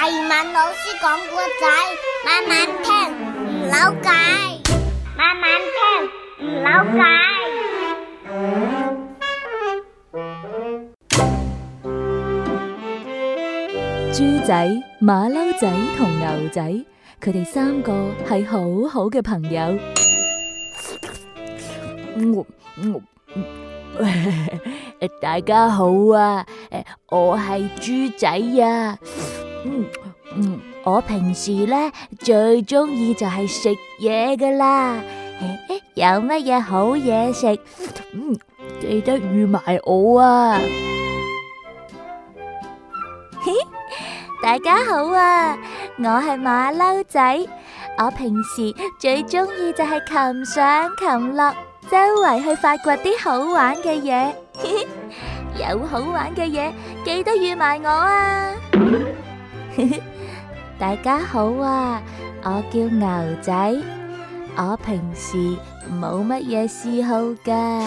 慧敏老師講古仔，慢慢聽唔扭計，慢慢聽唔扭計。豬仔、馬騮仔同牛仔，佢哋三個係好好嘅朋友。我我大家好啊！誒，我係豬仔啊。嗯，我平時呢，最中意就係食嘢噶啦， 有乜嘢好嘢食？嗯，記得預埋我啊。 大家好啊，我係馬騮仔，我平時最中意就係擒上擒落，周圍去發掘啲好玩嘅嘢。 有好玩嘅嘢記得預埋我啊。 大家好啊！我叫牛仔，我平時冇乜嘢嗜好噶。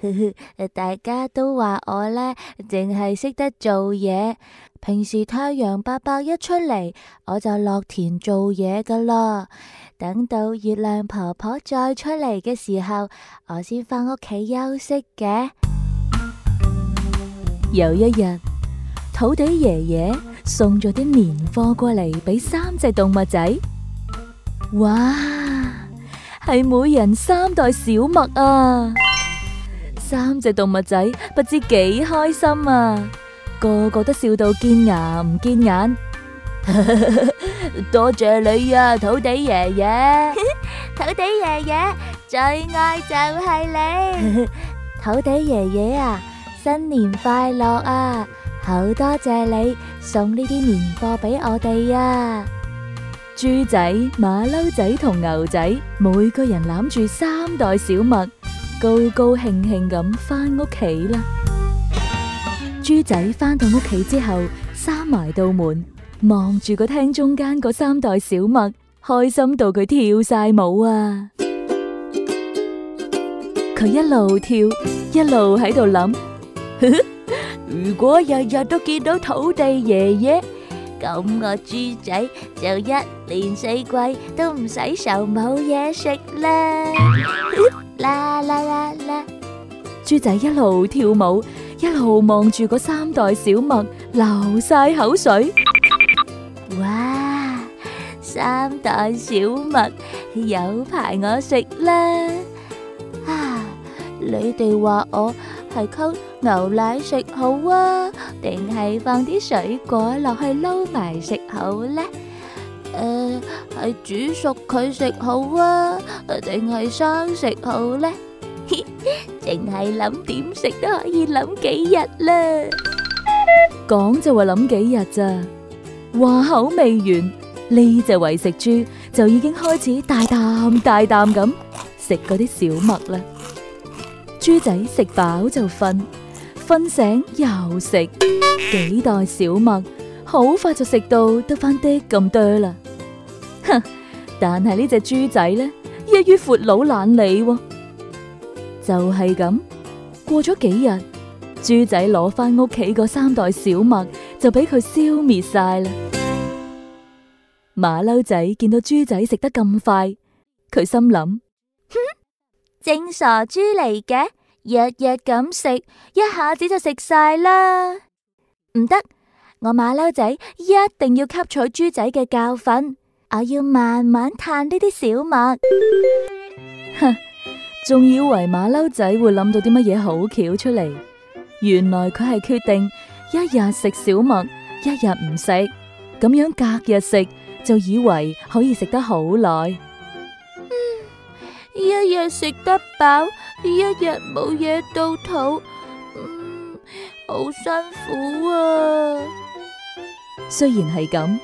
大家都話我呢淨係識得做嘢。平時太陽伯伯一出嚟，我就落田做嘢噶啦。等到月亮婆婆再出嚟嘅時候，我先返屋企休息嘅。有一日，土地爺爺。送咗啲年貨過嚟俾三隻動物仔，哇！係每人三袋小麥啊！三隻動物仔不知幾開心啊，個個都笑到見牙唔見眼。 多謝你啊，土地爺爺！ 土地爺爺，最愛就係你， 土地爺爺啊！新年快樂啊！好多謝你送呢啲年貨俾我哋啊！豬仔、馬騮仔同牛仔，每個人攬住三袋小麥，高高興興咁返屋企啦。豬仔返到屋企之後，閂埋道門，望住個廳中間嗰三袋小麥，開心到佢跳晒舞啊！佢一路跳，一路喺度諗。如果日日都見到土地爺爺，咁我豬仔就一年四季都唔使愁冇嘢食啦！啦啦啦啦，豬仔一路跳舞，一路望住個三袋小麥，流晒口水。哇，三袋小麥有排我食啦！啊，你哋話我？係溝牛奶食好啊？定係放啲水果落去撈埋食好呢？誒，係煮熟佢食好啊？定係生食好呢？嘻，淨係諗點食都可以諗幾日啦。講就話諗幾日咋？話口未完，呢隻為食豬就已經開始大啖大啖咁食嗰啲小麥啦。豬仔食飽就瞓，瞓醒又食，幾袋小麥好快就食到得翻啲咁多啦。哼！但係呢隻豬仔咧，一於闊佬懶理喎，就係咁。過咗幾日，豬仔攞翻屋企嗰三袋小麥就俾佢消滅晒啦。馬騮仔見到豬仔食得咁快，佢心諗：哼！正傻豬嚟嘅，日日咁食，一下子就食晒啦。唔得，我馬騮仔一定要吸取豬仔嘅教訓，我要慢慢嘆呢啲小麥。哼，仲以為馬騮仔會諗到啲乜嘢好橋出嚟？原來佢係決定一日食小麥，一日唔食，咁樣隔日食就以為可以食得好耐。一日食得飽，一日冇嘢到肚，嗯，好辛苦啊！雖然係咁，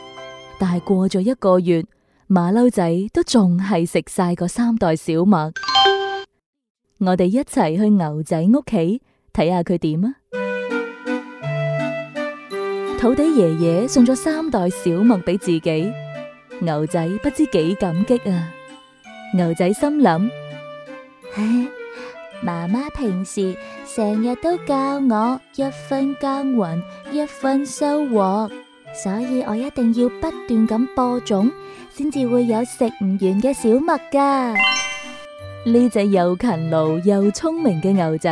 但係過咗一個月，馬騮仔都仲係食晒個三袋小麥。 我哋一齊去牛仔屋企睇下佢點啊！看看 土地爺爺送咗三袋小麥俾自己，牛仔不知幾感激啊！牛仔心諗：唉，媽媽平時成日都教我一分耕耘一分收穫，所以我一定要不斷咁播種，先至會有食唔完嘅小麥㗎。呢隻又勤勞又聰明嘅牛仔，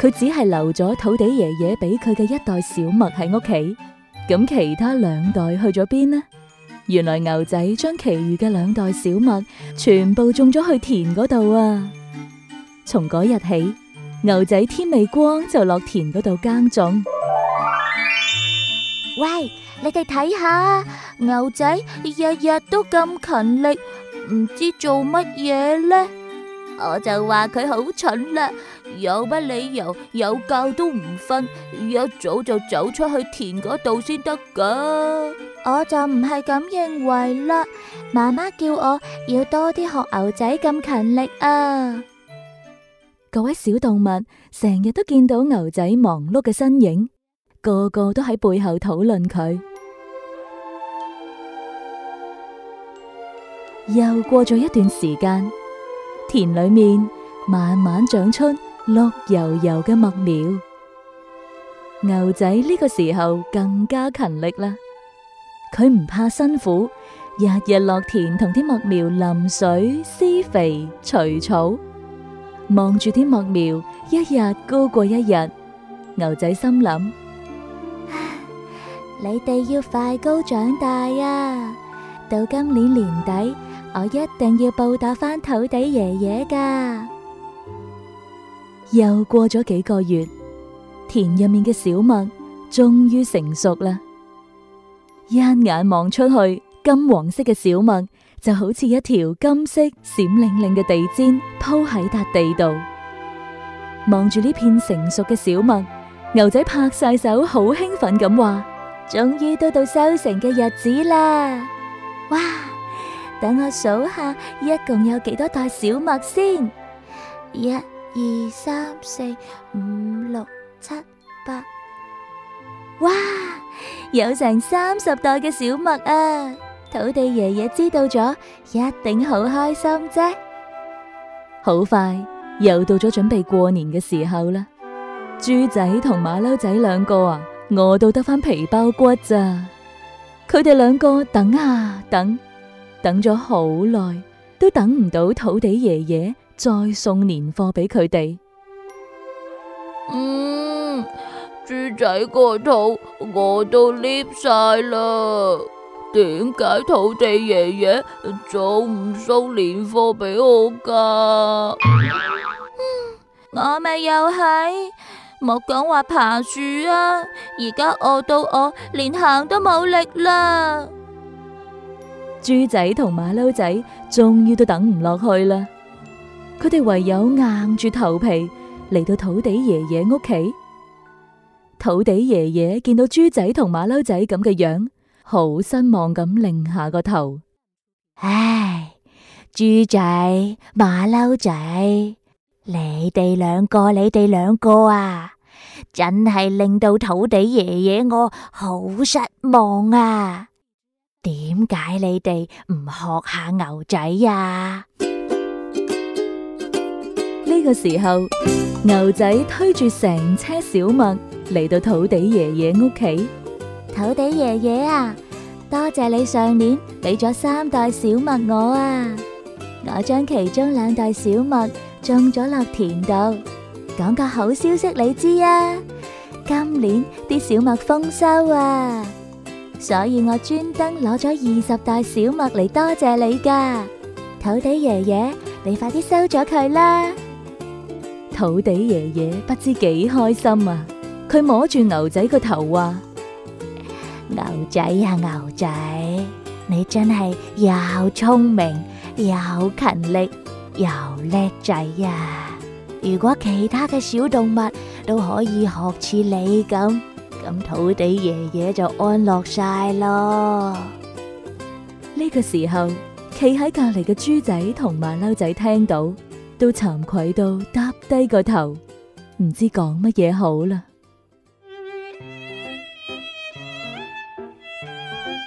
佢只係留咗土地爺爺俾佢嘅一袋小麥喺屋企，咁其他兩袋去咗邊呢？原來牛仔將其餘嘅兩袋小麥全部種咗去田嗰度啊！從嗰日起，牛仔天未光就落田嗰度耕種。喂，你哋睇下，牛仔日日都咁勤力，唔知做乜嘢呢？我就話佢好蠢啦，有乜理由有覺都唔瞓，一早就走出去田嗰度先得噶？我就唔係咁認為啦，媽媽叫我要多啲學牛仔咁勤力啊！各位小動物成日都見到牛仔忙碌嘅身影，個個都喺背後討論佢。又過咗一段時間，田裏面慢慢長出綠油油嘅麥苗。牛仔呢個時候更加勤力啦。佢唔怕辛苦，日日落田同啲麥苗淋水、施肥、除草，望住啲麥苗一日高過一日。牛仔心諗：啊，你哋要快高長大啊！到今年年底，我一定要報答翻土地爺爺噶。又過咗幾個月，田入面嘅小麥終於成熟啦。一眼望出去，金黃色嘅小麥就好似一條金色閃亮亮嘅地氈鋪喺笪地度。望住呢片成熟嘅小麥，牛仔拍晒手，好興奮咁話：終於都到收成嘅日子啦！哇！等我數下一共有幾多袋小麥先，一、二、三、四、五、六、七、八。哇，有成三十袋嘅小麥啊！土地爺爺知道咗，一定好開心啫！好快又到咗準備過年嘅時候啦，豬仔同馬騮仔兩個啊，餓到得翻皮包骨咋！佢哋兩個等啊等，等咗好耐，都等唔到土地爺爺再送年貨俾佢哋。嗯。豬仔個肚我都舐晒啦，點解土地爺爺早唔收年貨俾我噶？嗯，我咪又係，莫講話爬樹啊！而家餓到我連行都冇力啦。豬仔同馬騮仔終於都等唔落去啦，佢哋唯有硬住頭皮嚟到土地爺爺屋企。土地爺爺見到豬仔同馬騮仔咁嘅樣，好失望咁擰下個頭。唉，豬仔、馬騮仔，你哋兩個，你哋兩個啊，真係令到土地爺爺我好失望啊！點解你哋唔學下牛仔啊？呢個時候，牛仔推住成車小麥嚟到土地爺爺屋企。土地爺爺啊，多謝你上年俾咗三袋小麥我啊，我將其中兩袋小麥種咗落田度。講個好消息你知啊，今年啲小麥豐收啊，所以我專登攞咗二十袋小麥嚟多謝你㗎。土地爺爺，你快啲收咗佢啦！土地爺爺不知幾開心啊！佢摸住牛仔個頭，話：牛仔啊，牛仔，你真係又聰明又勤力又叻仔啊！如果其他嘅小動物都可以學似你咁，咁土地爺爺就安樂晒咯。呢個時候，企喺隔籬嘅豬仔同馬騮仔聽到，都慚愧到。低個頭，唔知講乜嘢好啦。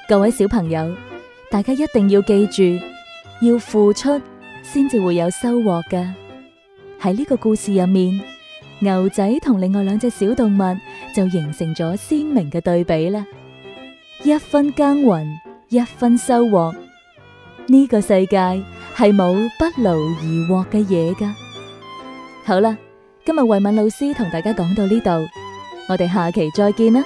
各位小朋友，大家一定要記住，要付出先至會有收穫噶。喺呢個故事入面，牛仔同另外兩隻小動物就形成咗鮮明嘅對比啦。一分耕耘，一分收穫。呢個世界係冇不勞而獲嘅嘢噶。好啦，今日慧敏老師同大家講到呢度，我哋下期再見啦。